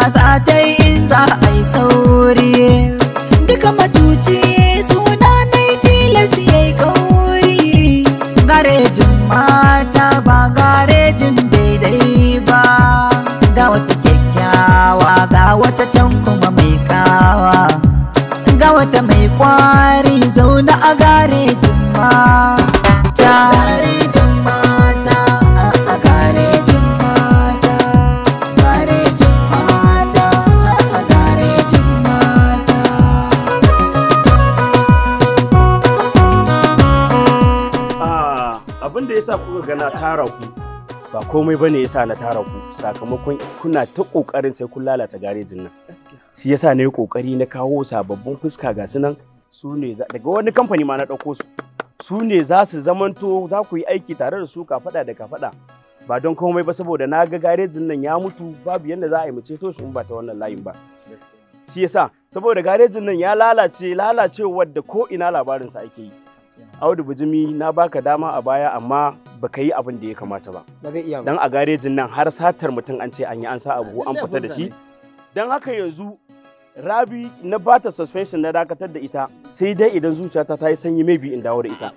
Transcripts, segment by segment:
sa ta yi abin da yasa kuka gana tara ku ba komai bane yasa na tara ku sakamakon kuna ta kokarin sai kun lalata garejin nan shi yasa na kokari na kawo sababbin fuska ga su nan su ne daga wani kamfani ma na dauko su su ne za su zamanto za ku yi aiki tare da su ka fada da ka fada ba don komai ba saboda na ga garejin nan ya mutu babu yadda za a yi mu ceto shi ba ta wannan layin ba shi yasa saboda garejin nan ya lalace lalacewar da ko ina labarin sa ake yi Audu bujimi na baka dama a baya amma baka yi abin da ya kamata ba. Dan a garejin nan har satar mutum an ce an yi an sa abu an fita da shi. Dan haka yanzu Rabi na bata suspension na dakatar da ita sai dai idan zuciyata ta yi sanyi maybe in dawo da ita.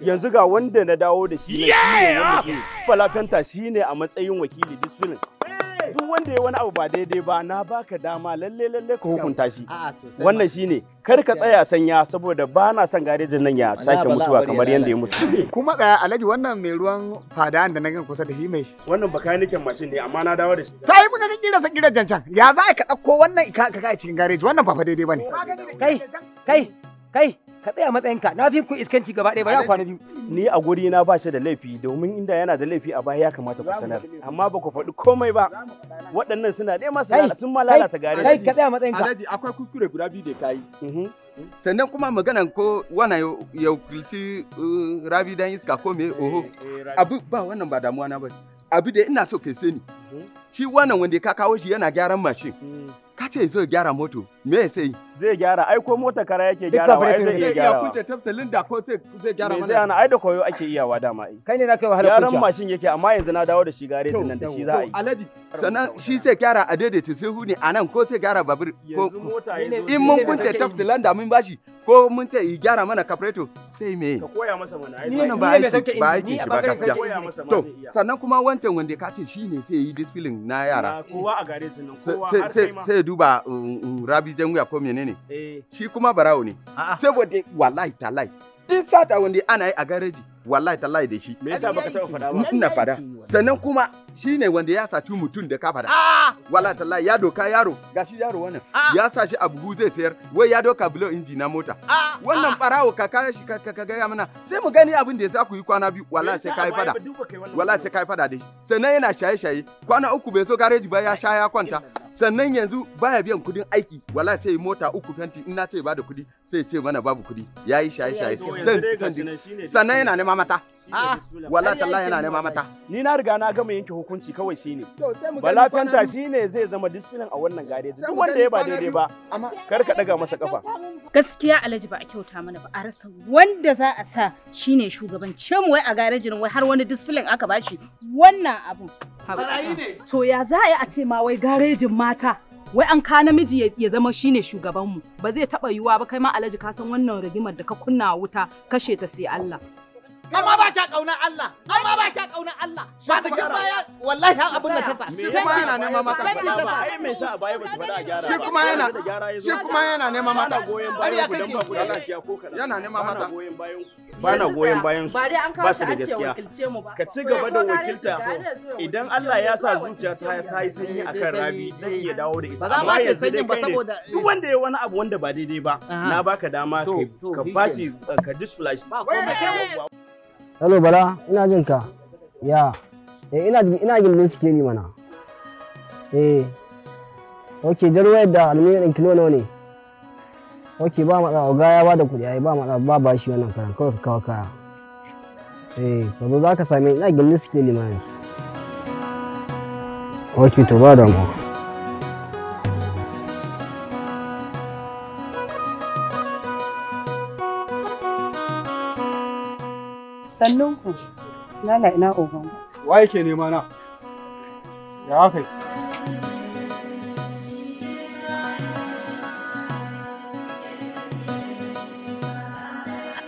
Yanzu ga wanda na dawo da shi ne. Falafenta shi ne a matsayin wakili disfilin. duk wanda ya wani abu ba daidai ba na baka dama lalle lalle ka hukunta shi wannan shine kar ka tsaya sanya saboda ba na son garejin nan ya sake mutuwa kamar yadda ya mutu kuma ga alhaji wannan mai ruwan fada da na gan kusa da shi mai wannan kan mashin ne amma na dawo da shi ta yi kuka kira sa kira jancan ya za ka dauko wannan ka ka cikin gareji wannan ba fa daidai bane kai kai kai ka tsaya matsayinka na fi ku iskanci gaba ɗaya ba ya kwana biyu ni a guri na ba shi da laifi domin inda yana da laifi a baya ya kamata ku sanar amma ba ku faɗi komai ba waɗannan suna ɗaya masu sun ma lalata gare kai ka tsaya matsayinka alhaji akwai kuskure guda biyu da yi. Mhm. sannan kuma maganan ko wannan ya wakilci uh, rabi dan iska ko me eh, oho eh, abu ba wannan ba damuwa na ba abu da ina so kai sani mhm. shi wannan wanda ka kawo shi yana gyaran mashin mm. ka ce zo gyara moto me sai zai gyara ai ko mota kara yake gyara ai zai gyara ya kunce tafsalin da ko sai zai gyara mana sai ana ai da koyo ake iyawa dama ai kai ne na kai wahala kunce gyaran mashin yake amma yanzu na dawo da shi din nan da shi za a yi alaji sannan shi sai gyara a daidaita sai huni anan ko sai gyara babur ko in mun kunce tafsalin da mun bashi ko mun ce ya gyara mana kapreto sai me ka koya masa mana ai ni ba aiki ba aiki shi ba gaskiya to sannan kuma wancan wanda ka ce shine sai yi discipline na yara kowa a din nan kowa har sai duba um, um, rabi janguya ko menene eh. shi kuma barawo ne saboda wallahi talai duk sata wanda ana yi a gareji wallahi tallahi da shi me yasa baka taba fada ba ina fada sannan kuma shine wanda ya saci mutum da ka fada wallahi tallahi ya doka yaro gashi yaro wannan ya sa shi a buhu zai sayar wai ya doka bulo inji na mota wannan barawo ka kaya shi ka ga ya mana sai mu gani abin da ya sa ku yi kwana biyu wallahi sai kai fada wallahi sai kai fada da shi sannan yana shaye shaye kwana uku bai so gareji ba ya sha ya kwanta sannan yanzu baya biyan kudin aiki wala sai mota uku fenti in na ce ba da kudi sai ce mana babu kuɗi ya yi shaye-shaye sannan yana nema mata ah, wala talla yana nema mata ni na riga na gama yanke hukunci kawai shine bala fanta shine zai zama discipline a wannan gareji duk wanda ya ba daidai ba kar ka daga masa kafa gaskiya alhaji ba a kyauta mana ba a rasa wanda za a sa shine shugaban mu wai a garejin wai har wani discipline aka bashi wannan abun to ya za a yi a ce ma wai garejin mata wai an ka namiji ya zama shine shugabanmu ba zai taɓa yiwuwa ba kai ma alhaji ka san wannan rigimar da ka kunna wuta kashe ta sai Allah amma ba ka kauna Allah amma ba ka kauna Allah ba da kin baya wallahi har abin da ta sa shi kuma yana neman mata ai me sa baya ba su fada gyara shi kuma yana shi kuma yana neman mata goyen bayan ku dan ba ku da lafiya ko yana neman mata goyen bayan ba na goyen bayan su ba dai an kawo shi ce wakilce mu ba ka ci gaba da wakilta idan Allah ya sa zuciya ta ta yi sanyi akan Rabi zan iya dawo da ita ba za ma ta sanyi ba saboda eh. duk wanda ya wani abu wanda ba daidai ba na baka dama ka fashi ka eh, displash ba komai Hello Bala, ina jin ka. Ya. Eh ina ina gindin sikeli mana. Eh. Okay, jar da aluminium din kilo nawa ne? Okay, ba matsa oga ya bada kuɗi ai ba matsa ba ba shi wannan karan kawai ka kawo kaya. Eh, ka zo za ka same ina gindin suke ma yanzu. Okay, to ba damuwa. Sannunku, Lala ina Wa yake nema na? Ya kai.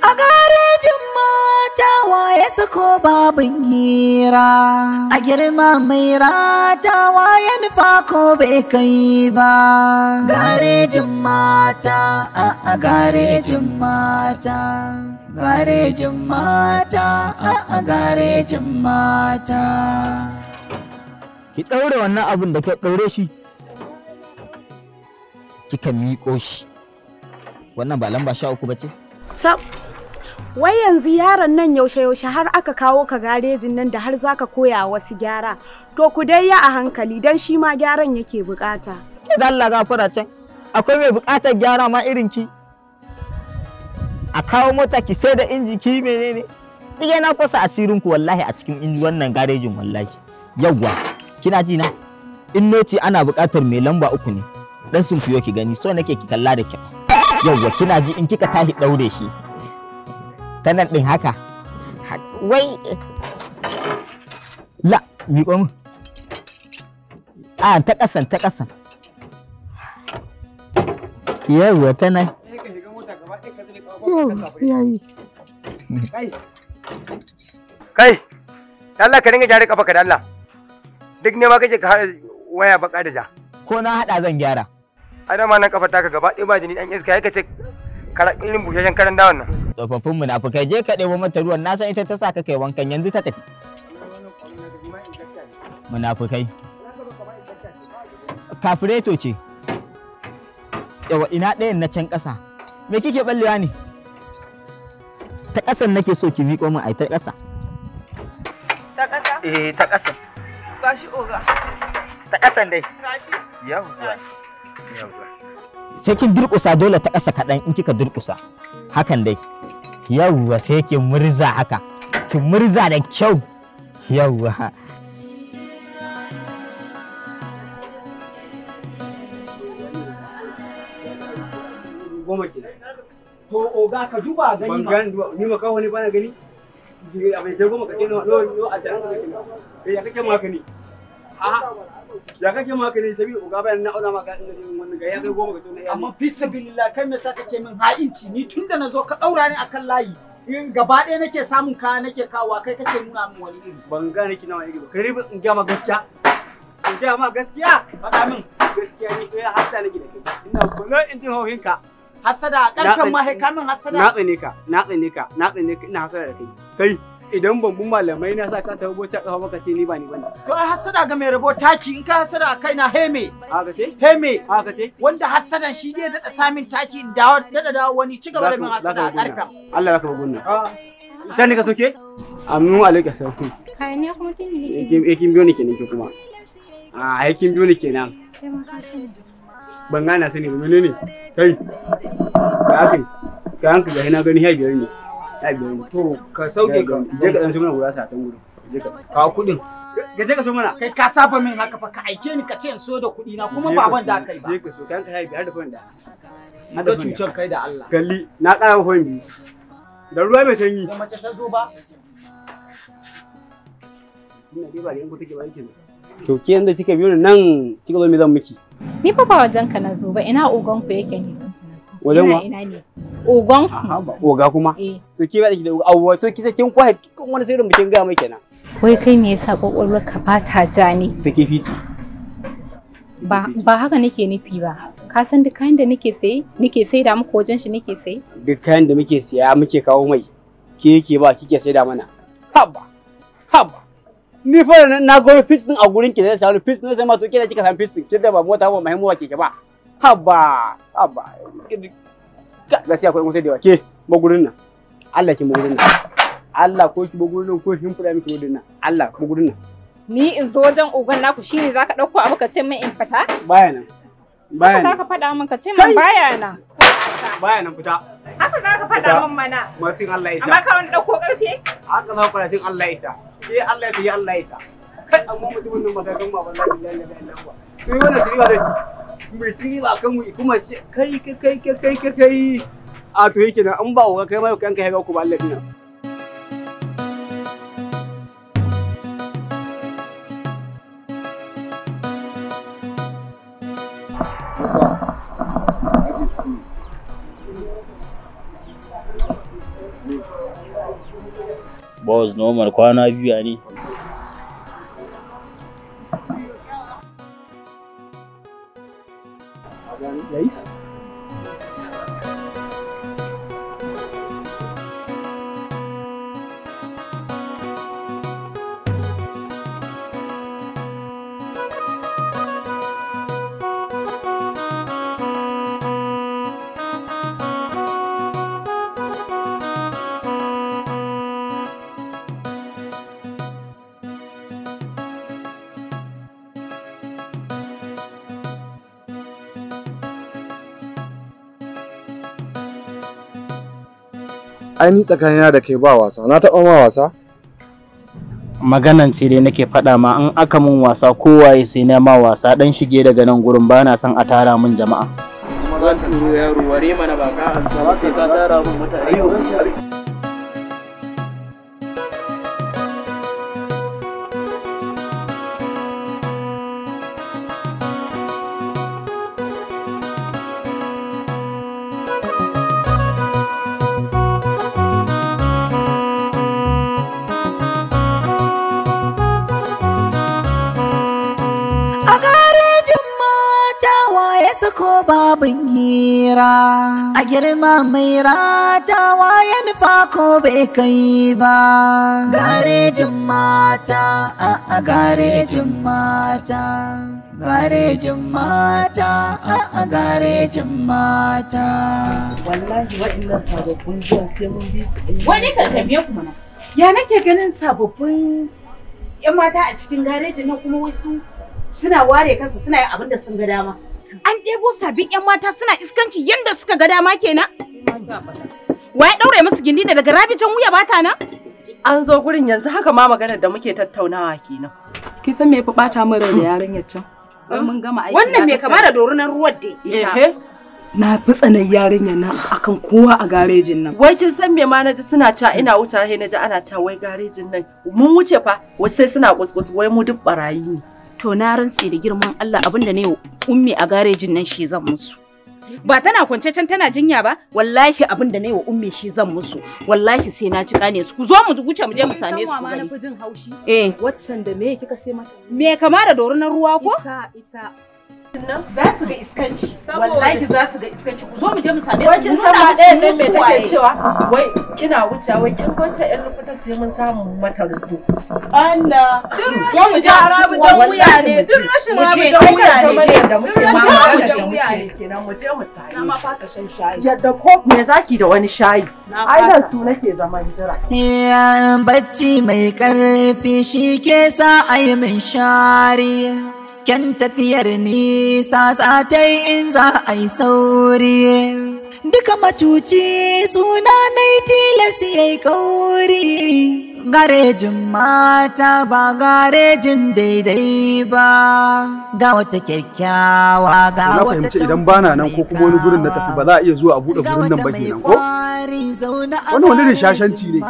A garejin mata waye sako babin hira, a girma mai rata waye nufa ko bai kai ba. Garejin mata, a garejin mata. garejin mata a garejin mata ki ɗaure wannan abin da ka ɗaure shi kika miƙo shi wannan ba lamba sha uku ba ce? wai yanzu yaron nan yaushe yaushe har aka kawo ka garejin nan da har zaka koya wasu gyara to ku dai ya a hankali dan shi ma gyaran yake bukata. Zalla gafara can akwai mai bukatar gyara ma irin ki a kawo mota ki sai da inji ki menene dige na fasa asirin ku wallahi a cikin inji wannan garejin wallahi yawwa kina ji na in noti ana buƙatar mai lamba uku ne dan sun fiyo ki gani so nake ki kalla da kyau yawwa kina ji in kika tahi daure shi ta din haka wai la miƙo mu a ta kasan, ta kasan. yawwa ta kai Allah ka dinga gyara kafa ka da Allah duk ne ma kace ka waya baka da ja ko na hada zan gyara ana ma nan kafa taka gaba ɗaya ba jini dan iska yake ce irin bushashen karan dawon nan tsofaffin munafukai je ka ɗebo mata ruwan na san ita ta sa ka kai wankan yanzu ta tafi munafukai kafireto ce yawa ina ɗayan na can ƙasa me kike ballewa ne ta ƙasan nake so ki miƙo min ai ta ƙasa ta ƙasa eh ta ƙasa. gashi oga ta ƙasan dai gashi yawwa yawwa sai kin durƙusa dole ta ƙasa kaɗan in kika durƙusa hakan dai yawwa sai ki murza haka ki murza da kyau yawwa to oga ka duba gani ma ban ni ma kawo ne bana gani abin sai goma kace no no a tsaron ka kai eh, ya kake ni a ya kake magani sabi oga bayan na auna maka in wannan ga ya kai goma kace ne amma fi sabilillah kai me sa kake min ha'inci ni tun tunda nazo ka daura ni akan layi in gaba ɗaya nake samun kaya nake kawowa kai kake nuna min wani iri ban gane kina wani iri ba kai ribin in gama gaskiya in gama gaskiya faɗa min gaskiya ni kai eh, hasta nake da kai ina kullun in ji hauhinka Hasada ƙarfen ma kamin hasada. Na tsane ka, na tsane ka, na tsane ka, ina hasada da kai. Kai idan bambun malamai na sa ka ta rubo ta kafa maka ce ni ba ni bane. To ai hasada ga mai rabo taki in ka hasada a kai na heme. Haka ce? Heme. Haka ce? Wanda hasadan shi zai daɗa samun taki in dawo daɗa dawo wani ci gaba da min hasada a ƙarfen. Allah ya ka gunna. Ah. ta ne ka soke? Aminu alaika sauki. Kai ne kuma kin ne. Eh, biyo ni kenan ki kuma. A ah, aikin biyo ni kenan. Ban gana sani menene? kai ka aka ka hanka ga hina gani ya biyar ne ya biyar ne to ka sauke ka je ka mana a can gurin je ka ka kudin ka je ka so mana kai ka saba min haka fa ka aike ni ka ce in so da kudi na kuma baban da kai ba je ka so ka hanka ya biyar da fanda na ga kai da Allah kalli na ƙara maka biyu da ruwa mai sanyi da mace ta zo ba ina dai ba da take ba yake ne to ke yanda kika biyo nan kika zo me zan miki ni fa ba wajen ka na zo ba ina ogon ku yake ne wajen wa ina ne ogon oga kuma eh. to ke ba da ki awwa to kisa kin kwa kin wani sirrin bikin ga mai kenan wai kai me yasa kokolwar ka fata ja ne ke fiti ba ba haka nake nufi ba ka san duk kayan da nake sai nake sai da muku wajen shi nake sai. duk kayan da muke siya muke kawo mai ke yake ba kike sai da mana haba haba ni fa na gano fis a gurin ki da sai fis din sai ma to kina kika san fis ki da ba mota ba mai muwa ke ba haba haba gaskiya akwai mutai da wake ba gurin nan Allah ki gurin nan Allah ko ki gurin nan ko kin fura miki gurin nan Allah gurin nan ni in zo wajen ogan naku shine zaka dauko abu ka ce min in fita baya nan baya nan zaka faɗa min ka ce min baya nan baya nan fita haka zaka faɗa min mana mutum Allah ya isa amma ka wani dauko karfe haka zaka faɗa Allah ya sa eh Allah ya sai Allah ya sa kai amma mutumin nan magagan ma wallahi la ilaha illallah to yi wannan tiriba zai mai ba kan mu kuma kai kai kai kai kai kai a to yake nan an ba wa kai ma kanka ya ga ku ba Allah nan boss normal kwana biyu ne ai ni tsakanina da kai ba wasa na taɓa ma wasa maganan ce dai nake faɗa ma in aka mun wasa kowaye sai na ma wasa dan shige daga nan gurin ba na son a tara mun jama'a zan turo yaro ware mana ba ka an sai ka tara mun mutane babin hira a girma mai ratawa ya nufa ko bai kai ba garejin mata a garejin mata garejin mata a garejin mata wallahi waɗannan sababbin zuwa sai mun bi su wani kan tafiye kuma na ya nake ganin sababbin yan mata a cikin garejin na kuma wasu suna ware kansu suna yin abin da sun ga dama an ɗebo sabbin 'yan mata suna iskanci yadda suka ga dama kenan wa ya ɗaure musu gindi da daga Rabi can wuya bata na an zo gurin yanzu haka ma maganar da muke tattaunawa kenan ki san me fi bata mu rai da yarinyar can mun gama aiki wannan me kamar da dorunan ruwan da ita na fi tsanar yarinya na akan kowa a garejin nan. Wai kin san me ma naji suna ca ina wuta he naji ana ta wai garejin nan mun wuce fa wasu sai suna kuskus wai mu duk barayi ne. to na rantse da girman Allah abinda ne ummi a garejin nan shi zan musu ba tana kwance can tana jinya ba wallahi abin da na yi wa ummi shi zan musu wallahi sai na cika ne su ku zo mu wuce mu je mu same su gani eh waccan da me kika ce mata me kama da dorunan ruwa ko ita ita za su ga iskanci wallahi za su ga iskanci ku zo mu je mu same su kin san ba ɗaya nan me take cewa wai kina wuce wai kin yan rubuta sai mun samu mata rubu Allah zo mu je arabu wuya ne duk rashin arabu jan wuya ne je da muke ma da muke kenan mu je mu same na ma fasa shan shayi yadda ko me zaki da wani shayi ai nan su nake zaman jira ya bacci mai karfi shi ke sa ayi min sharia Kyan tafiyar nisa yi in za a yi sauri. Duka macuci suna nai tilas yi kauri. Garejin mata ba garejin daidai ba. Ga wata kyakkyawa ga wata Na fahimci idan bana nan ko kuma wani gurin na tafi ba za a iya zuwa a buɗe gurin nan ba nan ko? Wani wani rishashanci ne.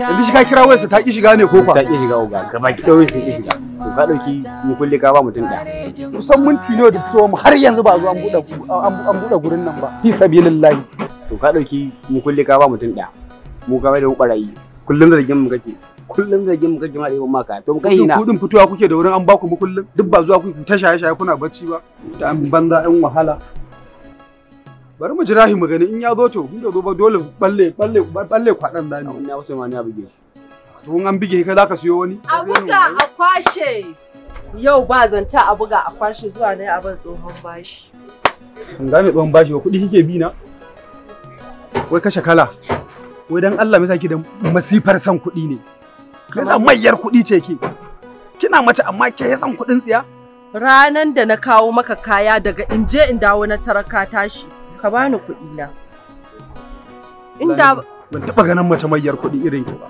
yanzu shi ka kira wayarsa ta ki shiga ne ko fa ta ki shiga uga gaba ki dawo ki shiga to ka dauki mu kulle ka ba mutum da kusan minti ne da fitowa mu har yanzu ba zo an buɗe an buɗe gurin nan ba fi sabilillahi to ka dauki mu kulle ka ba mutum da mu ka da barayi kullum zargin mu kake kullum zargin mu kake ma da yawan maka to kai ina kudin fitowa kuke da wurin an baku mu kullum duk ba zuwa ku ta shaye shaye kuna bacci ba ta an banza yan wahala bari mu jira mu gani in ya zo to mun da zo ba dole balle balle balle kwadan zani in ya wuce ma ni a bige to mun an bige ka zaka siyo wani a buga a kwashe yau ba zanta a buga a kwashe zuwa ne abin tsohon bashi in gane tsohon bashi ba kuɗi kike bi na wai kashe kala wai dan Allah me saki da masifar san kuɗi ne me yasa mayyar kuɗi ce ke kina mace amma ke san kuɗin tsiya ranan da na kawo maka kaya daga inje in dawo na taraka tashi ka bani kuɗi na inda ban taba ganin mace mayyar kuɗi irin ki ba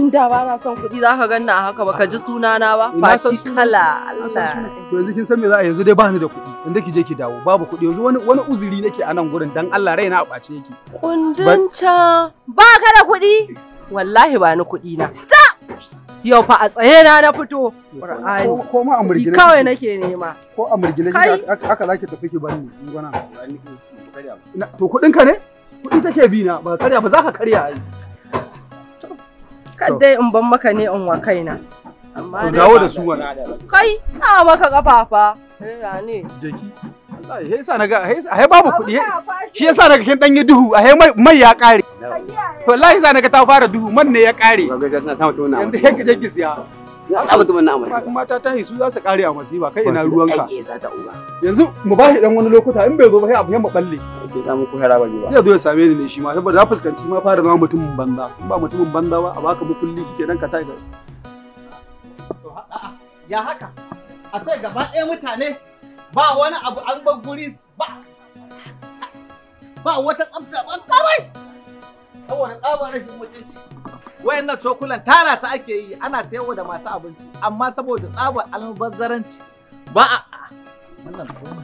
in da ba na son kuɗi za ka ganna a haka ba ka ji sunana ba faci kala Allah to yanzu kin san me za a yanzu dai ba ni da kuɗi inda ki je ki dawo babu kuɗi yanzu wani wani uzuri nake a nan gurin dan Allah raina a ɓace yake kundunta ba ka da kuɗi wallahi ba ni kuɗi na ta yau fa a tsaye na na fito ko ma a murgile kawai nake nema ko a murgile haka zaki tafi ki bani gona karya ba. To kuɗin ka ne? Kuɗi take bi na ba karya ba za ka karya ai. dai in ban maka ne in wa kaina. Amma dai. dawo da su wani. Kai, na maka kafafa. Rira ne. Jeki. He yasa naga he babu kuɗi. Shi yasa naga kin dan yi duhu, a mai mai ya ƙare. Wallahi yasa naga ta fara duhu, man ne ya ƙare. Yanzu he ka je siya. Ya tsaba tumin na amasiba. Mata ta su za su kare a amasiba kai ina ruwanka. Yanzu mu ba shi dan wani lokuta in bai zo ba sai abu ya maballe. Ke ta mu kuhara ba ba. Zai zo ya same ni ne shi ma saboda na fuskanci ma fara zama mutumin banza. In ba mutumin banza ba a baka mukulli kike dan ka tai da. Ya haka a ce gaba ɗaya mutane ba wani abu an bar guri ba ba wata tsafta ba kawai saboda tsabar rashin mutunci. wayannan cokulan tara su ake yi ana sayarwa da masu abinci amma saboda tsabar almubazzaranci ba a wannan goma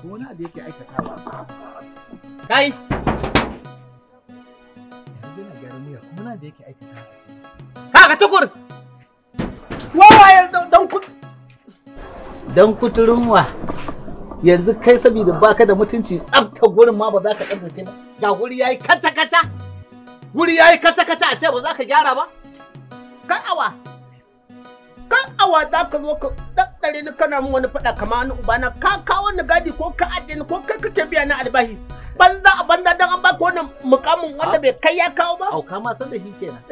kuma da yake aikatawa kaga tukur wawaye dan kuturin wa yanzu kai saboda baka da mutunci tsafta gurin ma ba za ka tsaftace ba ga guri yayi kaca kaca guri yayi kaca kaca a ce ba za ka gyara ba kan awa kan awa za ka zo ka daddare ni kana min wani fada kamar wani ubana ka ka wani gadi ko ka ajiye ni ko kai kake biya na albahi banza a banza dan an baka wannan mukamin wanda bai kai ya kawo ba au ka ma san da shi kenan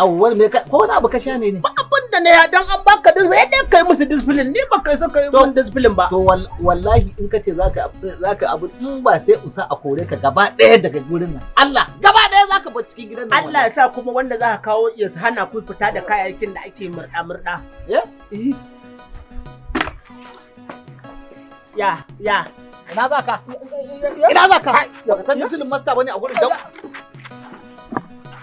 awwal me ko wani abu ka sha ne ne ba abin da na ya dan an baka discipline yadda kai musu discipline ni ba kai so kai mun discipline ba to wallahi in ka ce zaka zaka abu in ba sai usa a kore ka gaba ɗaya daga gurin nan Allah gaba ɗaya zaka bar cikin gidan nan Allah ya sa kuma wanda zaka kawo ya hana ku fita da kayayyakin da ake murda-murda. murɗa eh. ya ya ina zaka ina zaka ba ka san discipline master bane a gurin dan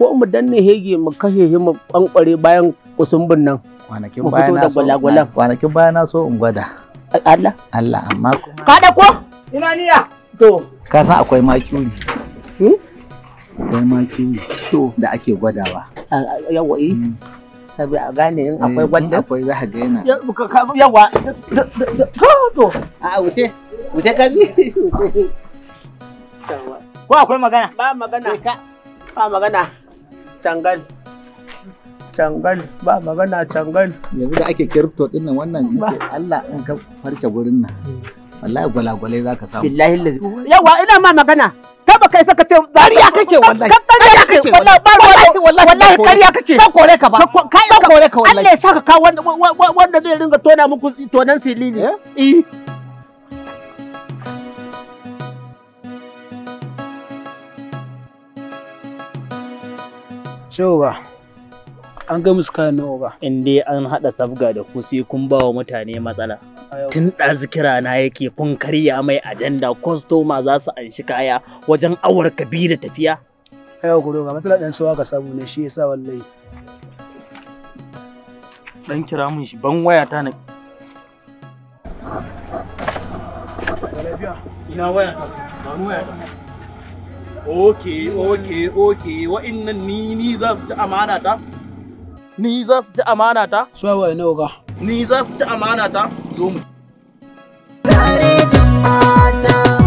ko mu danne hege mu kashe shi mu bankware bayan kusumbin nan kwanakin baya na so kwanakin baya na so in gwada Allah Allah amma kuma kada ko ina niya to ka san akwai maki ne hmm? akwai ne to da ake gwadawa yawa eh hmm. sabi a gane in akwai eh, gwada akwai za ka ga yana yawa to a wuce wuce ji ko akwai magana ba magana ba magana cangal cangal ba magana cangal yanzu da ake kirto din nan wannan nake Allah in ka farke gurin nan wallahi gwalagwale za ka samu billahi lazi yawa ina ma magana ka baka isa ka ce dariya kake wallahi kariya kake wallahi wallahi wallahi kariya kake ka kore ka ba ka kore ka wallahi Allah ya saka ka wanda wanda zai ringa tona muku tonan silili eh, eh. ba, An ga musu kayan ba. In dai an haɗa sabga da ku sai kun ba wa mutane matsala. Tun ɗazu zikira na yake kun karya mai ajanda kwastoma za su anshi kaya wajen awar kabi da tafiya. Ayaw ku ga matsala ɗan suwa ka samu ne shi yasa wallahi. Ɗan kira mun shi ban waya ta na. Ina waya ta, ba waya ta. ok ok ok wa'innan ni ni za su ci amana ta su ci amana ta wa ina ga ni za su ci amana ta